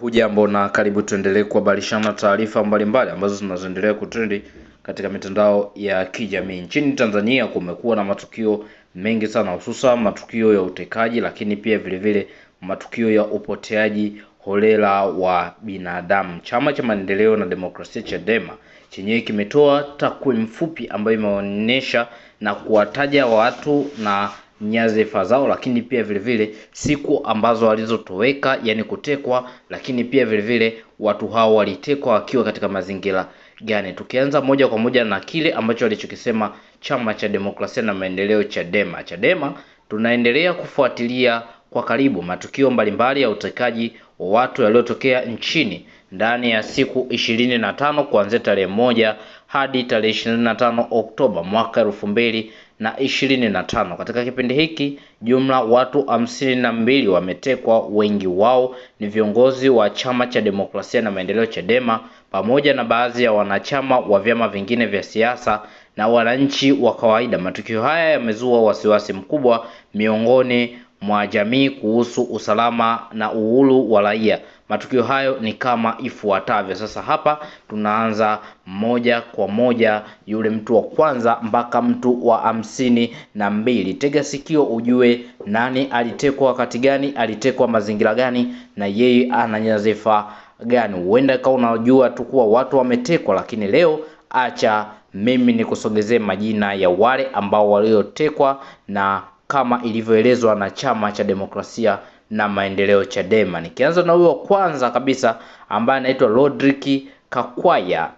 Hujambo na karibu, tuendelee kuhabarishana taarifa mbalimbali ambazo zinazoendelea kutrendi katika mitandao ya kijamii nchini Tanzania. Kumekuwa na matukio mengi sana, hususan matukio ya utekaji, lakini pia vile vile matukio ya upoteaji holela wa binadamu. Chama cha Maendeleo na Demokrasia Chadema chenyewe kimetoa takwimu fupi ambayo imeonyesha na kuwataja watu na nyadhifa zao, lakini pia vile vile siku ambazo walizotoweka, yani kutekwa, lakini pia vile vile watu hao walitekwa wakiwa katika mazingira gani. Tukianza moja kwa moja na kile ambacho walichokisema chama cha demokrasia na maendeleo Chadema. Chadema tunaendelea kufuatilia kwa karibu matukio mbalimbali ya utekaji wa watu yaliyotokea nchini ndani ya siku ishirini na tano kuanzia tarehe moja hadi tarehe ishirini na tano Oktoba mwaka elfu mbili na ishirini na tano. Katika kipindi hiki jumla watu hamsini na mbili wametekwa, wengi wao ni viongozi wa chama cha demokrasia na maendeleo Chadema pamoja na baadhi ya wanachama wa vyama vingine vya siasa na wananchi wa kawaida. Matukio haya yamezua wasiwasi mkubwa miongoni mwa jamii kuhusu usalama na uhuru wa raia. Matukio hayo ni kama ifuatavyo. Sasa hapa tunaanza moja kwa moja, yule mtu wa kwanza mpaka mtu wa hamsini na mbili. Tega sikio ujue nani alitekwa, wakati gani alitekwa, mazingira gani, na yeye ananyazifa gani. Huenda kawa unajua tu kuwa watu wametekwa, lakini leo acha mimi nikusogezee majina ya wale ambao waliotekwa na kama ilivyoelezwa na Chama cha Demokrasia na maendeleo Chadema. Nikianza na huyo kwanza kabisa ambaye anaitwa Rodrick Kakwaya,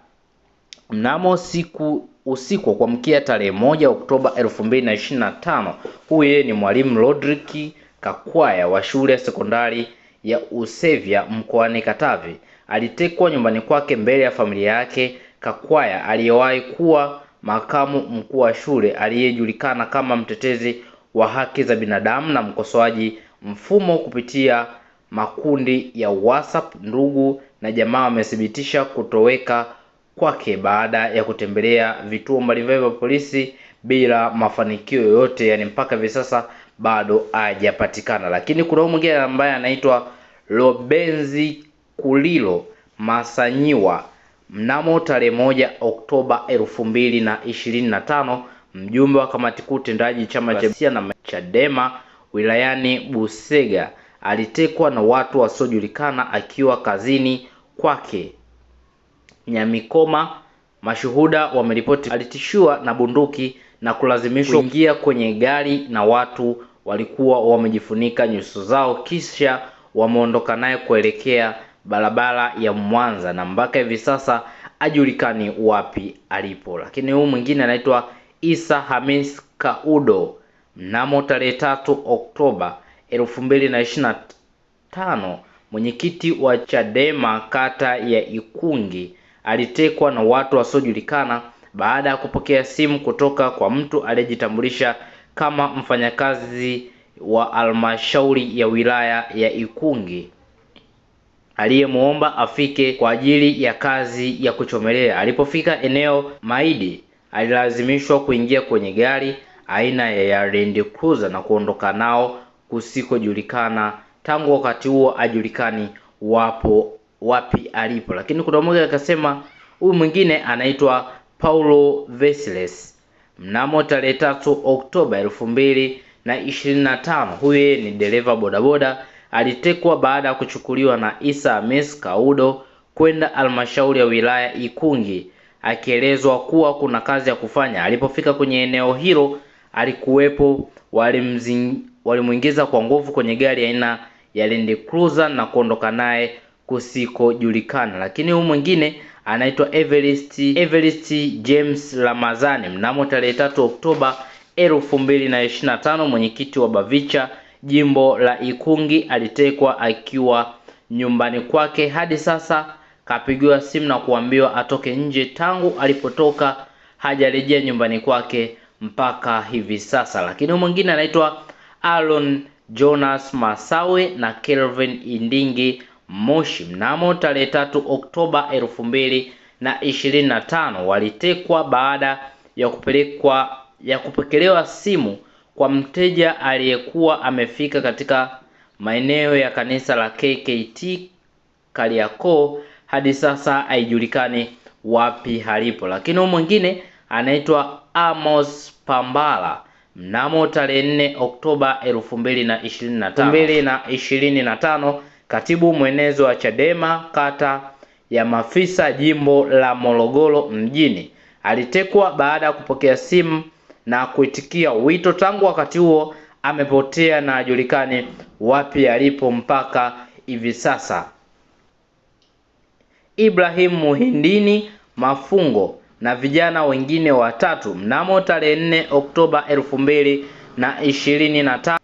mnamo siku usiku wa kuamkia tarehe moja Oktoba 2025, huyu yeye ni mwalimu Rodrick Kakwaya wa shule ya sekondari ya Usevya mkoani Katavi. Alitekwa nyumbani kwake mbele ya familia yake. Kakwaya aliyewahi kuwa makamu mkuu wa shule aliyejulikana kama mtetezi wa haki za binadamu na mkosoaji mfumo kupitia makundi ya WhatsApp. Ndugu na jamaa wamethibitisha kutoweka kwake baada ya kutembelea vituo mbalimbali vya polisi bila mafanikio yoyote, yani mpaka hivi sasa bado hajapatikana. Lakini kuna huyu mwingine ambaye anaitwa Lobenzi Kulilo Masanyiwa mnamo tarehe moja Oktoba elfu mbili na ishirini na tano mjumbe wa kamati kuu tendaji chama cha na Chadema wilayani Busega alitekwa na watu wasiojulikana akiwa kazini kwake Nyamikoma. Mashuhuda wameripoti alitishiwa na bunduki na kulazimishwa kuingia kwenye gari na watu walikuwa wamejifunika nyuso zao, kisha wameondoka naye kuelekea barabara ya Mwanza na mpaka hivi sasa ajulikani wapi alipo. Lakini huyu mwingine anaitwa Isa Hamis Kaudo Mnamo tarehe tatu Oktoba elfu mbili na ishirini na tano mwenyekiti wa Chadema kata ya Ikungi alitekwa na watu wasiojulikana baada ya kupokea simu kutoka kwa mtu aliyejitambulisha kama mfanyakazi wa halmashauri ya wilaya ya Ikungi aliyemwomba afike kwa ajili ya kazi ya kuchomelea. Alipofika eneo Maidi alilazimishwa kuingia kwenye gari aina ya Land Cruiser na kuondoka nao kusikojulikana. Tangu wakati huo ajulikani wapo wapi alipo, lakini kuna mmoja akasema huyu mwingine anaitwa Paulo Vesiles. Mnamo tarehe tatu Oktoba elfu mbili na ishirini na tano, huyu ni dereva bodaboda alitekwa baada ya kuchukuliwa na Isa Mes Kaudo kwenda almashauri ya wilaya Ikungi akielezwa kuwa kuna kazi ya kufanya. Alipofika kwenye eneo hilo alikuwepo walimwingiza kwa nguvu kwenye gari aina ya Land Cruiser na kuondoka naye kusikojulikana. Lakini huyu mwingine anaitwa Everest, Everest James Ramazani mnamo tarehe tatu Oktoba 2025 mwenyekiti wa Bavicha jimbo la Ikungi alitekwa akiwa nyumbani kwake. Hadi sasa kapigiwa simu na kuambiwa atoke nje. Tangu alipotoka hajarejea nyumbani kwake mpaka hivi sasa, lakini mwingine anaitwa Aaron Jonas Masawe na Kelvin Indingi Moshi mnamo tarehe tatu Oktoba elfu mbili na ishirini na tano walitekwa baada ya kupelekwa ya kupokelewa simu kwa mteja aliyekuwa amefika katika maeneo ya kanisa la KKT Kariakoo. Hadi sasa haijulikani wapi halipo, lakini mwingine anaitwa Amos Pambala mnamo tarehe 4 Oktoba 2025. katibu mwenezi wa Chadema kata ya Mafisa jimbo la Morogoro mjini alitekwa baada ya kupokea simu na kuitikia wito. Tangu wakati huo amepotea na hajulikani wapi alipo mpaka hivi sasa. Ibrahim Muhindini Mafungo na vijana wengine watatu mnamo tarehe 4 Oktoba 2025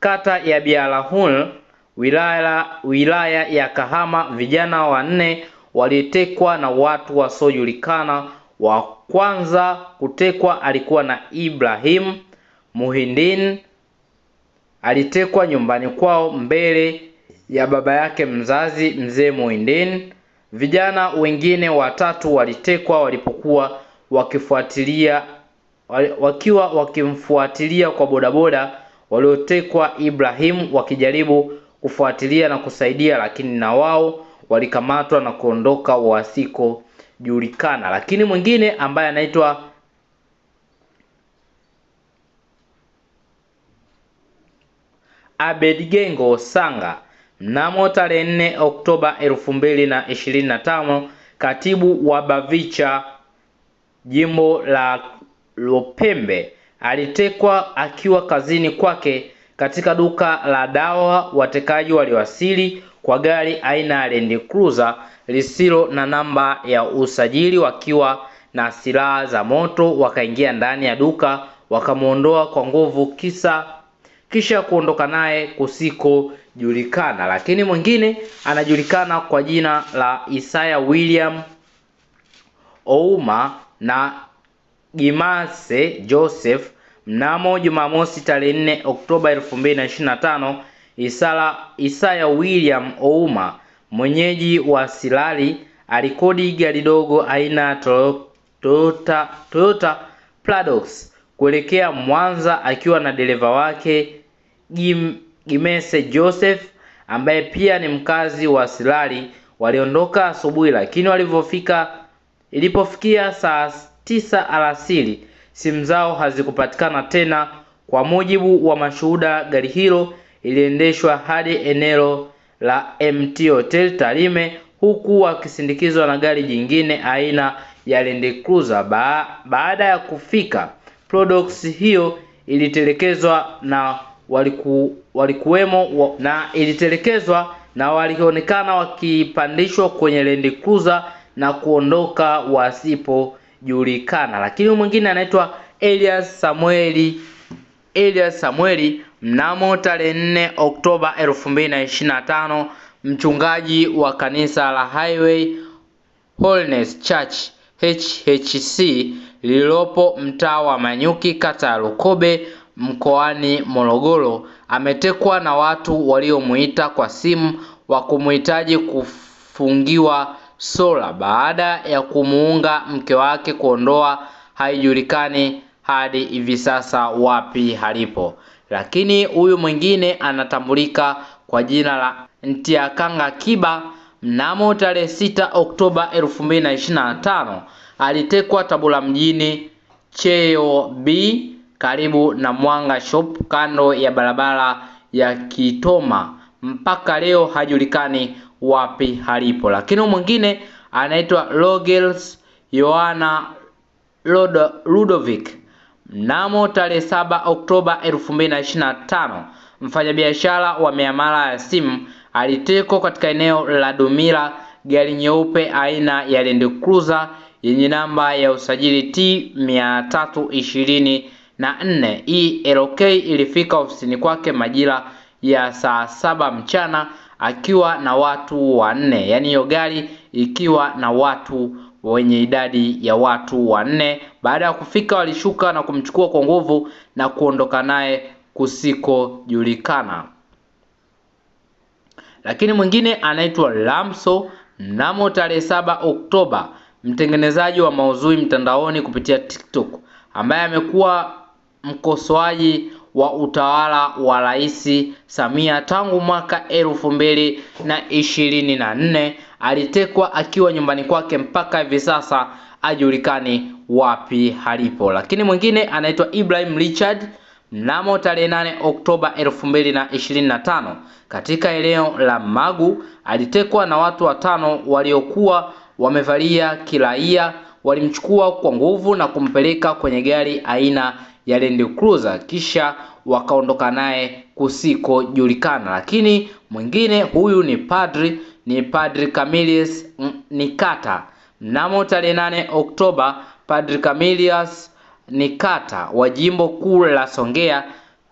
kata ya Biarahul wilaya, wilaya ya Kahama. Vijana wanne walitekwa na watu wasiojulikana. Wa kwanza kutekwa alikuwa na Ibrahim Muhindin, alitekwa nyumbani kwao mbele ya baba yake mzazi mzee Muhindin Vijana wengine watatu walitekwa walipokuwa wakifuatilia wakiwa wakimfuatilia kwa bodaboda waliotekwa Ibrahim wakijaribu kufuatilia na kusaidia, lakini na wao walikamatwa na kuondoka wasikojulikana. Lakini mwingine ambaye anaitwa Abedgengo Sanga Mnamo tarehe 4 Oktoba 2025 katibu wa BAVICHA jimbo la Lopembe alitekwa akiwa kazini kwake katika duka la dawa. Watekaji waliwasili kwa gari aina ya Land Cruiser lisilo na namba ya usajili wakiwa na silaha za moto, wakaingia ndani ya duka wakamwondoa kwa nguvu kisa kisha kuondoka naye kusiko julikana, lakini mwingine anajulikana kwa jina la Isaya William Ouma na Gimase Joseph mnamo Jumamosi tarehe 4 Oktoba 2025 Isala, Isaya William Ouma mwenyeji wa Silali alikodi gari dogo aina ya Toyota, Toyota Pradox kuelekea Mwanza akiwa na dereva wake Jim Gimese Joseph ambaye pia ni mkazi wa Silali waliondoka asubuhi, lakini walivyofika ilipofikia saa tisa alasiri simu zao hazikupatikana tena. Kwa mujibu wa mashuhuda, gari hilo iliendeshwa hadi eneo la MT Hotel Tarime huku wakisindikizwa na gari jingine aina ya Land Cruiser. Ba baada ya kufika, products hiyo ilitelekezwa na waliku, walikuwemo na ilitelekezwa na walionekana wakipandishwa kwenye Land Cruiser na kuondoka wasipojulikana. Lakini mwingine anaitwa Elias Samueli Elias Samueli mnamo tarehe 4 Oktoba 2025 mchungaji wa kanisa la Highway Holiness Church HHC lililopo mtaa wa Manyuki kata ya Lukobe mkoani Morogoro ametekwa na watu waliomuita kwa simu wa kumuhitaji kufungiwa sola baada ya kumuunga mke wake kuondoa, haijulikani hadi hivi sasa wapi halipo. Lakini huyu mwingine anatambulika kwa jina la Ntiakanga Kiba mnamo tarehe 6 Oktoba 2025 alitekwa Tabora mjini cheo B karibu na Mwanga Shop kando ya barabara ya Kitoma. Mpaka leo hajulikani wapi halipo. Lakini mwingine anaitwa Rogels Yohana Ludovic. Mnamo tarehe 7 Oktoba 2025, mfanyabiashara wa miamala ya simu alitekwa katika eneo la Dumila gari nyeupe aina ya Land Cruiser yenye namba ya usajili T320 na nne ELK ilifika ofisini kwake majira ya saa saba mchana akiwa na watu wanne, yaani hiyo gari ikiwa na watu wenye idadi ya watu wanne. Baada ya kufika, walishuka na kumchukua kwa nguvu na kuondoka naye kusikojulikana. Lakini mwingine anaitwa Lamso. Mnamo tarehe saba Oktoba, mtengenezaji wa maudhui mtandaoni kupitia TikTok ambaye amekuwa mkosoaji wa utawala wa Rais Samia tangu mwaka elfu mbili na ishirini na nne. Alitekwa akiwa nyumbani kwake mpaka hivi sasa ajulikani wapi halipo. Lakini mwingine anaitwa Ibrahim Richard mnamo tarehe nane Oktoba elfu mbili na ishirini na tano katika eneo la Magu alitekwa na watu watano waliokuwa wamevalia kiraia, walimchukua kwa nguvu na kumpeleka kwenye gari aina ya Land Cruiser, kisha wakaondoka naye kusikojulikana. Lakini mwingine huyu ni padri, ni padri Camillus Nikata. Mnamo tarehe 8 Oktoba, padri Camillus Nikata wa jimbo kuu la Songea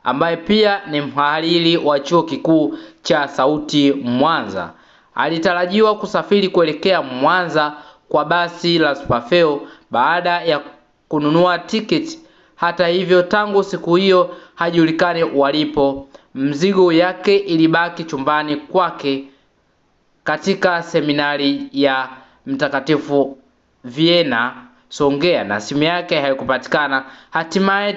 ambaye pia ni mhariri wa chuo kikuu cha Sauti Mwanza alitarajiwa kusafiri kuelekea Mwanza kwa basi la Superfeo baada ya kununua tiketi hata hivyo, tangu siku hiyo hajulikani walipo. Mzigo yake ilibaki chumbani kwake katika seminari ya Mtakatifu Vienna Songea na simu yake haikupatikana. Hatimaye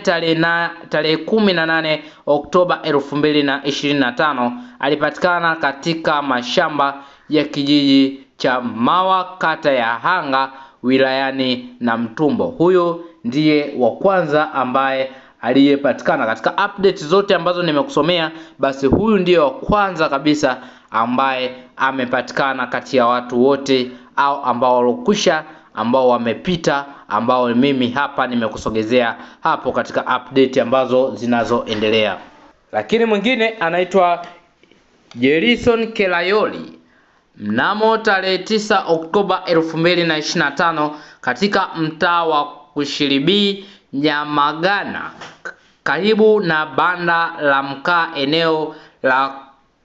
tarehe kumi na nane Oktoba elfu mbili na ishirini na tano alipatikana katika mashamba ya kijiji cha Mawa kata ya Hanga wilayani Namtumbo. Huyo ndiye wa kwanza ambaye aliyepatikana katika update zote ambazo nimekusomea, basi huyu ndiye wa kwanza kabisa ambaye amepatikana kati ya watu wote au ambao walokwisha ambao wamepita ambao mimi hapa nimekusogezea hapo katika update ambazo zinazoendelea. Lakini mwingine anaitwa Jerison Kelayoli mnamo tarehe 9 Oktoba 2025 katika mtaa wa Kushiribi Nyamagana karibu na banda la mkaa eneo la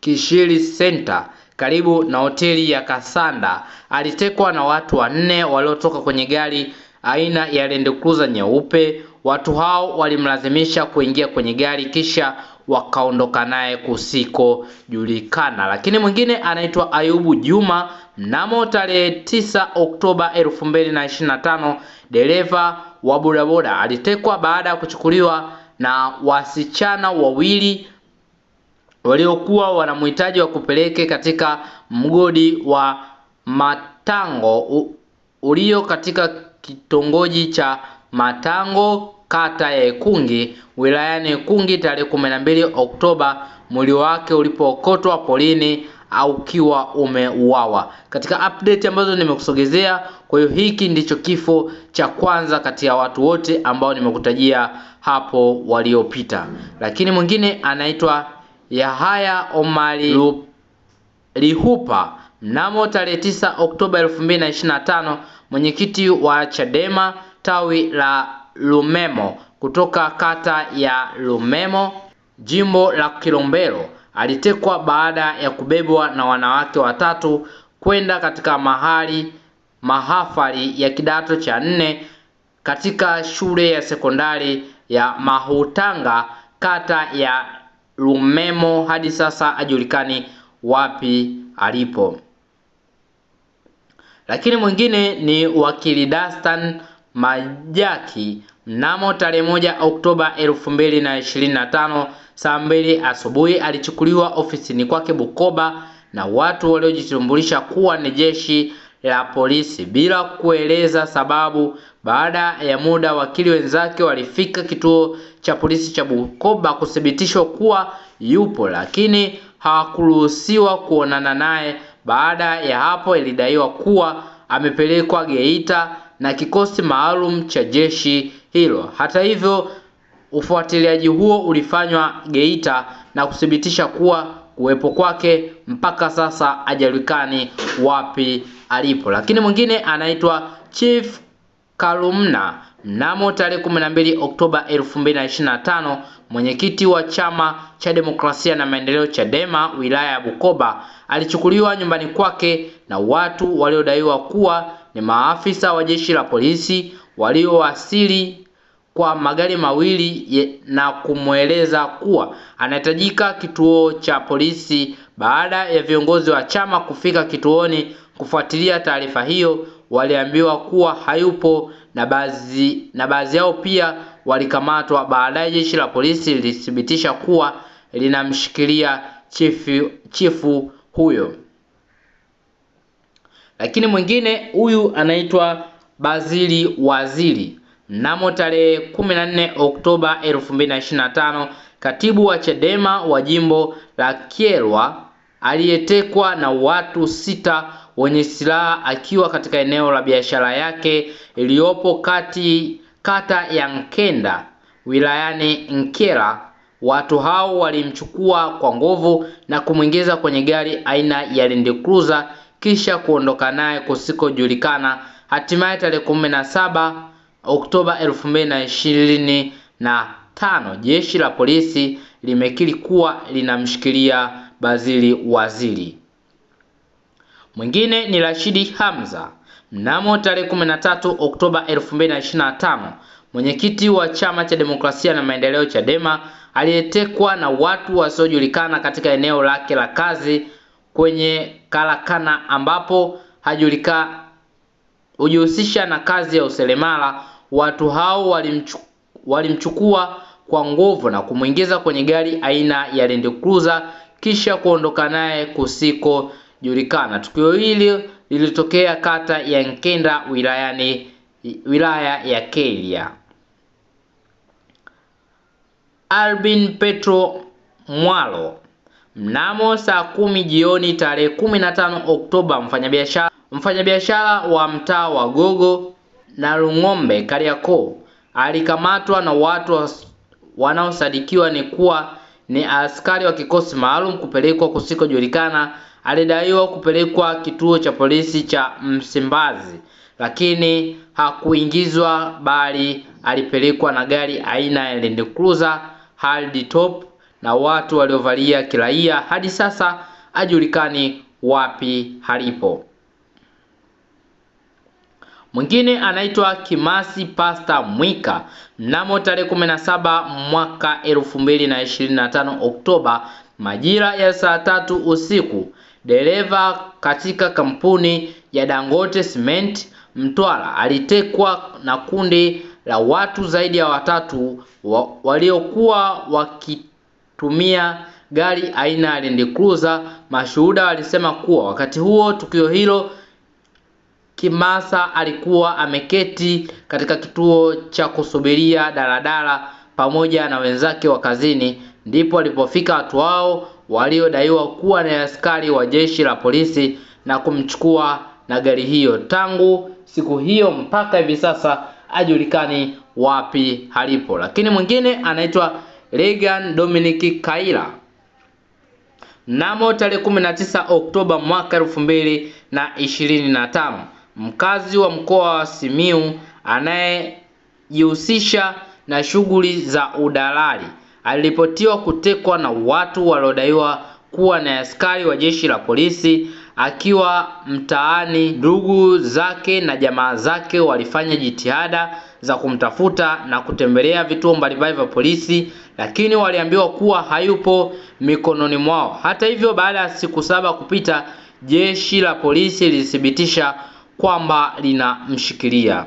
Kishiri Center karibu na hoteli ya Kasanda alitekwa na watu wanne waliotoka kwenye gari aina ya Land Cruiser nyeupe. Watu hao walimlazimisha kuingia kwenye gari kisha wakaondoka naye kusikojulikana. Lakini mwingine anaitwa Ayubu Juma Mnamo tarehe 9 Oktoba 2025, dereva wa bodaboda alitekwa baada ya kuchukuliwa na wasichana wawili waliokuwa wanamhitaji wa kupeleke katika mgodi wa Matango ulio katika kitongoji cha Matango kata ya Ikungi wilayani Ikungi tarehe 12 Oktoba, mwili wake ulipookotwa polini ukiwa umeuawa. Katika update ambazo nimekusogezea, kwa hiyo hiki ndicho kifo cha kwanza kati ya watu wote ambao nimekutajia hapo waliopita. Lakini mwingine anaitwa Yahaya Omari Lihupa mnamo tarehe 9 Oktoba 2025, mwenyekiti wa Chadema tawi la Lumemo kutoka kata ya Lumemo jimbo la Kilombero Alitekwa baada ya kubebwa na wanawake watatu kwenda katika mahali mahafali ya kidato cha nne katika shule ya sekondari ya Mahutanga kata ya Lumemo hadi sasa ajulikani wapi alipo. Lakini mwingine ni wakili Dastan Majaki mnamo tarehe moja Oktoba 2025 saa mbili asubuhi alichukuliwa ofisini kwake Bukoba na watu waliojitambulisha kuwa ni jeshi la polisi bila kueleza sababu. Baada ya muda, wakili wenzake walifika kituo cha polisi cha Bukoba kuthibitishwa kuwa yupo, lakini hawakuruhusiwa kuonana naye. Baada ya hapo, ilidaiwa kuwa amepelekwa Geita na kikosi maalum cha jeshi hilo. Hata hivyo, ufuatiliaji huo ulifanywa Geita na kuthibitisha kuwa kuwepo kwake mpaka sasa ajalikani wapi alipo. Lakini mwingine anaitwa Chief Kalumna. Mnamo tarehe 12 Oktoba 2025, mwenyekiti wa Chama cha Demokrasia na Maendeleo Chadema wilaya ya Bukoba alichukuliwa nyumbani kwake na watu waliodaiwa kuwa ni maafisa wa jeshi la polisi waliowasili kwa magari mawili na kumweleza kuwa anahitajika kituo cha polisi. Baada ya viongozi wa chama kufika kituoni kufuatilia taarifa hiyo, waliambiwa kuwa hayupo na baadhi na baadhi yao pia walikamatwa. Baadaye jeshi la polisi lilithibitisha kuwa linamshikilia chifu chifu huyo. Lakini mwingine huyu anaitwa Bazili Waziri. Mnamo tarehe 14 Oktoba 2025, katibu wa Chadema wa jimbo la Kyerwa aliyetekwa na watu sita wenye silaha akiwa katika eneo la biashara yake iliyopo kati kata ya Nkenda wilayani Nkela. Watu hao walimchukua kwa nguvu na kumwingiza kwenye gari aina ya Land Cruiser kisha kuondoka naye kusikojulikana. Hatimaye tarehe kumi saba Oktoba na tano jeshi la polisi limekiri kuwa linamshikilia Bazili Waziri. Mwingine ni Rashidi Hamza. Mnamo tarehe 13 Oktoba 2025, mwenyekiti wa Chama cha Demokrasia na Maendeleo Chadema aliyetekwa na watu wasiojulikana katika eneo lake la kazi kwenye karakana ambapo hajulika hujihusisha na kazi ya useremala. Watu hao walimchu, walimchukua kwa nguvu na kumwingiza kwenye gari aina ya Land Cruiser kisha kuondoka naye kusikojulikana. Tukio hili lilitokea kata ya Nkenda wilayani wilaya ya kelia Albin Petro Mwalo Mnamo saa kumi jioni tarehe 15 Oktoba, mfanyabiashara mfanyabiashara wa mtaa wa Gogo na Rung'ombe Kariakoo alikamatwa na watu wanaosadikiwa ni kuwa ni askari wa kikosi maalum kupelekwa kusikojulikana. Alidaiwa kupelekwa kituo cha polisi cha Msimbazi, lakini hakuingizwa bali alipelekwa na gari aina ya Land Cruiser hard top na watu waliovalia kiraia hadi sasa hajulikani wapi halipo. Mwingine anaitwa Kimasi Pasta Mwika mnamo tarehe 17 mwaka 2025 Oktoba majira ya saa tatu usiku, dereva katika kampuni ya Dangote Cement Mtwara alitekwa na kundi la watu zaidi ya watatu wa, waliokuwa wakit kutumia gari aina ya Land Cruiser. Mashuhuda walisema kuwa wakati huo tukio hilo, Kimasa alikuwa ameketi katika kituo cha kusubiria daladala pamoja na wenzake wa kazini, ndipo walipofika watu hao waliodaiwa kuwa ni askari wa jeshi la polisi na kumchukua na gari hiyo. Tangu siku hiyo mpaka hivi sasa hajulikani wapi halipo, lakini mwingine anaitwa Reagan Dominic Kaila. Mnamo tarehe 19 Oktoba mwaka elfu mbili na ishirini na tano, mkazi wa mkoa wa simiu anayejihusisha na shughuli za udalali aliripotiwa kutekwa na watu waliodaiwa kuwa na askari wa jeshi la polisi akiwa mtaani. Ndugu zake na jamaa zake walifanya jitihada za kumtafuta na kutembelea vituo mbalimbali vya polisi, lakini waliambiwa kuwa hayupo mikononi mwao. Hata hivyo, baada ya siku saba kupita, jeshi la polisi lilithibitisha kwamba linamshikilia.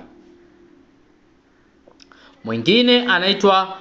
Mwingine anaitwa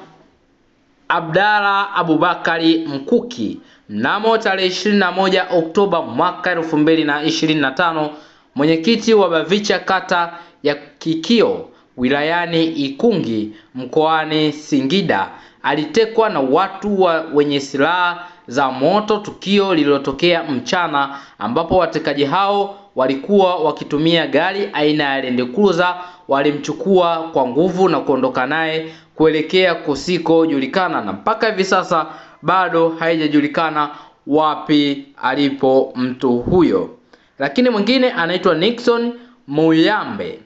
Abdalla Abubakari Mkuki. Mnamo tarehe 21 Oktoba mwaka 2025, mwenyekiti wa Bavicha kata ya Kikio wilayani Ikungi mkoani Singida alitekwa na watu wa wenye silaha za moto, tukio lililotokea mchana ambapo watekaji hao walikuwa wakitumia gari aina ya Land Cruiser, walimchukua kwa nguvu na kuondoka naye kuelekea kusikojulikana, na mpaka hivi sasa bado haijajulikana wapi alipo mtu huyo. Lakini mwingine anaitwa Nixon Muyambe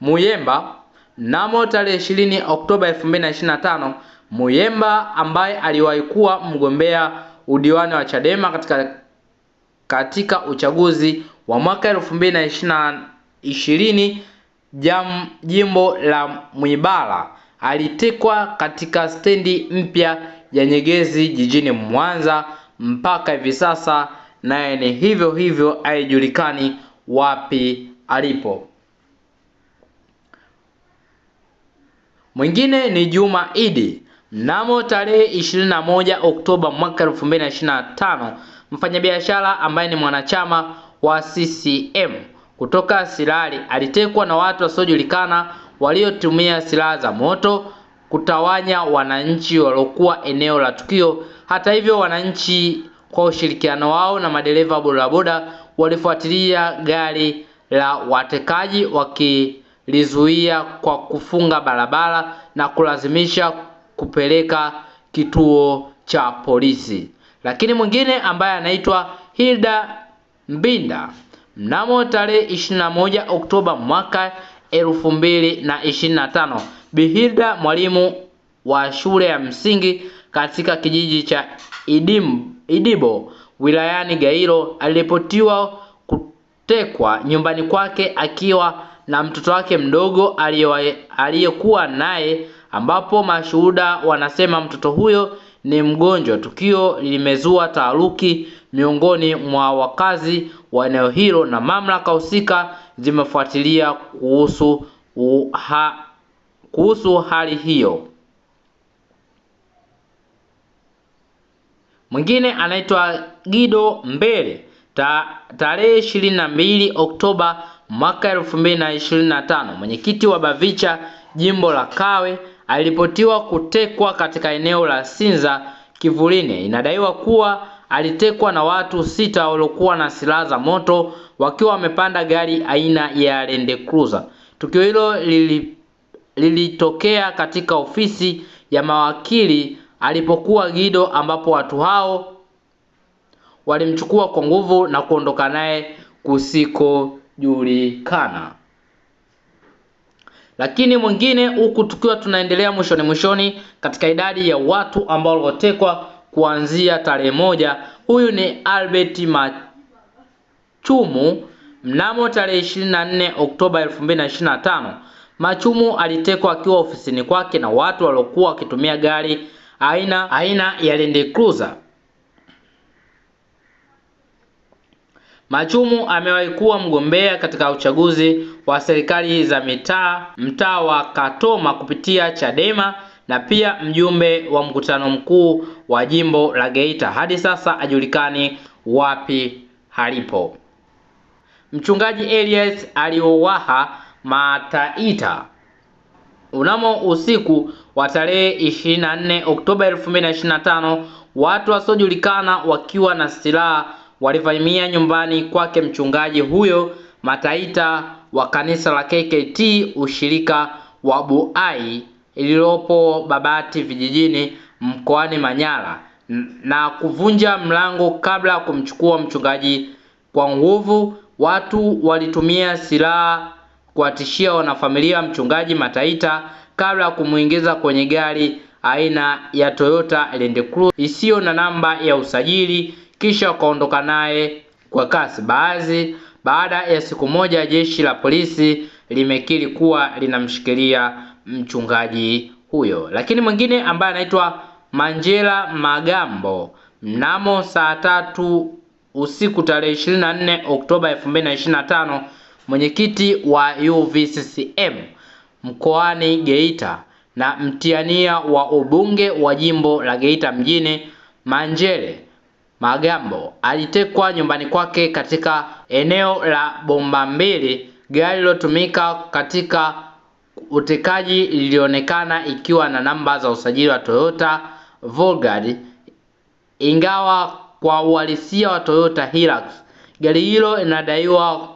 Muyemba mnamo tarehe 20 Oktoba 2025. Muyemba ambaye aliwahi kuwa mgombea udiwani wa Chadema katika, katika uchaguzi wa mwaka 2020 jam, jimbo la Mwibara alitekwa katika stendi mpya ya Nyegezi jijini Mwanza mpaka hivi sasa naye ni hivyo hivyo, haijulikani wapi alipo. Mwingine ni Juma Idi. Mnamo tarehe 21 Oktoba mwaka 2025, mfanyabiashara ambaye ni mwanachama wa CCM kutoka Sirari alitekwa na watu wasiojulikana waliotumia silaha za moto kutawanya wananchi waliokuwa eneo la tukio. Hata hivyo, wananchi kwa ushirikiano wao na madereva bodaboda walifuatilia gari la watekaji waki lizuia kwa kufunga barabara na kulazimisha kupeleka kituo cha polisi. Lakini mwingine ambaye anaitwa Hilda Mbinda mnamo tarehe 21 Oktoba mwaka 2025, Bi Hilda mwalimu wa shule ya msingi katika kijiji cha Idim, Idibo wilayani Gairo aliripotiwa kutekwa nyumbani kwake akiwa na mtoto wake mdogo aliyekuwa naye ambapo mashuhuda wanasema mtoto huyo ni mgonjwa. Tukio limezua taharuki miongoni mwa wakazi wa eneo hilo na mamlaka husika zimefuatilia kuhusu, uha, kuhusu hali hiyo. Mwingine anaitwa Gido Mbele. Tarehe ishirini na mbili Oktoba mwaka 2025 mwenyekiti wa BAVICHA jimbo la Kawe aliripotiwa kutekwa katika eneo la Sinza Kivulini. Inadaiwa kuwa alitekwa na watu sita waliokuwa na silaha za moto wakiwa wamepanda gari aina ya Land Cruiser. Tukio hilo lilitokea katika ofisi ya mawakili alipokuwa Gido, ambapo watu hao walimchukua kwa nguvu na kuondoka naye kusiko kujulikana. Lakini mwingine huku tukiwa tunaendelea mwishoni mwishoni katika idadi ya watu ambao waliotekwa kuanzia tarehe moja, huyu ni Albert Machumu mnamo tarehe 24 Oktoba 2025. Machumu alitekwa akiwa ofisini kwake na watu waliokuwa wakitumia gari aina aina ya Land Cruiser Machumu amewahi kuwa mgombea katika uchaguzi wa serikali za mitaa mtaa wa Katoma kupitia Chadema na pia mjumbe wa mkutano mkuu wa jimbo la Geita. Hadi sasa hajulikani wapi halipo. Mchungaji Elias aliowaha Mataita unamo usiku wa tarehe 24 Oktoba 2025 watu wasiojulikana wakiwa na silaha walivamia nyumbani kwake mchungaji huyo mataita wa kanisa la KKT ushirika wa Buai lililopo Babati vijijini mkoani Manyara na kuvunja mlango kabla ya kumchukua mchungaji kwa nguvu. Watu walitumia silaha kuwatishia wanafamilia mchungaji Mataita kabla ya kumwingiza kwenye gari aina ya Toyota Land Cruiser isiyo na namba ya usajili kisha wakaondoka naye kwa kasi. Baadhi baada ya siku moja, jeshi la polisi limekiri kuwa linamshikilia mchungaji huyo. Lakini mwingine ambaye anaitwa Manjela Magambo mnamo saa tatu usiku tarehe 24 Oktoba 2025, mwenyekiti wa UVCCM mkoani Geita na mtiania wa ubunge wa jimbo la Geita mjini Manjele Magambo alitekwa nyumbani kwake katika eneo la bomba mbili Gari lilotumika katika utekaji lilionekana ikiwa na namba za usajili wa Toyota Volgard, ingawa kwa uhalisia wa Toyota Hilux. Gari hilo linadaiwa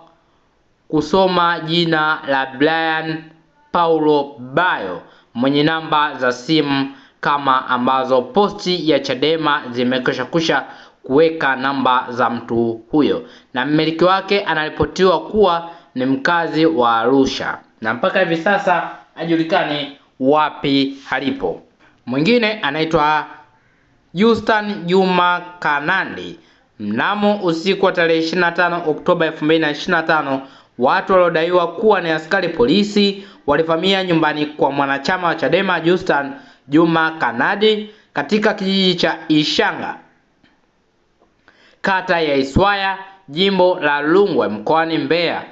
kusoma jina la Brian Paulo Bayo mwenye namba za simu kama ambazo posti ya Chadema zimekwisha kusha kuweka namba za mtu huyo, na mmiliki wake anaripotiwa kuwa ni mkazi wa Arusha na mpaka hivi sasa hajulikani wapi halipo. Mwingine anaitwa Justin Juma Kanandi. Mnamo usiku wa tarehe 25 Oktoba 2025, watu waliodaiwa kuwa ni askari polisi walivamia nyumbani kwa mwanachama wa Chadema Justin Juma Kanandi katika kijiji cha Ishanga kata ya Iswaya, jimbo la Rungwe mkoani Mbeya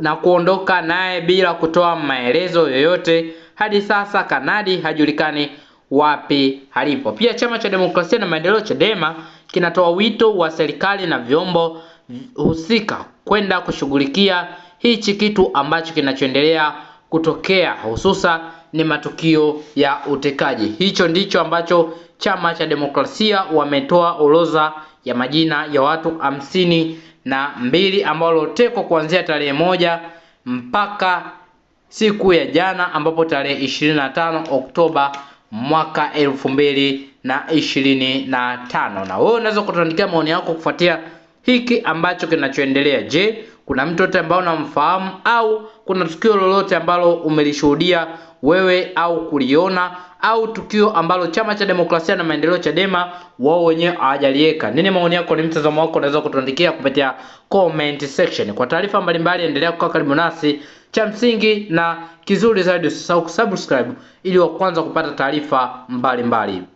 na kuondoka naye bila kutoa maelezo yoyote. Hadi sasa Kanadi hajulikani wapi halipo. Pia chama cha demokrasia na maendeleo Chadema kinatoa wito wa serikali na vyombo husika kwenda kushughulikia hichi kitu ambacho kinachoendelea kutokea, hususa ni matukio ya utekaji. Hicho ndicho ambacho chama cha demokrasia wametoa orodha ya majina ya watu hamsini na mbili ambao waliotekwa kuanzia tarehe moja mpaka siku ya jana ambapo tarehe 25 Oktoba mwaka elfu mbili na ishirini na tano. Na wewe unaweza kutuandikia maoni yako kufuatia hiki ambacho kinachoendelea. Je, kuna mtu yote ambao unamfahamu au kuna tukio lolote ambalo umelishuhudia wewe au kuliona au tukio ambalo chama cha demokrasia na maendeleo Chadema wao wenyewe hawajalieka? Nini maoni yako, ni mtazamo wako, unaweza kutuandikia kupitia comment section. Kwa taarifa mbalimbali, endelea kukaa karibu nasi. Cha msingi na kizuri zaidi, usisahau kusubscribe ili wa kwanza kupata taarifa mbalimbali.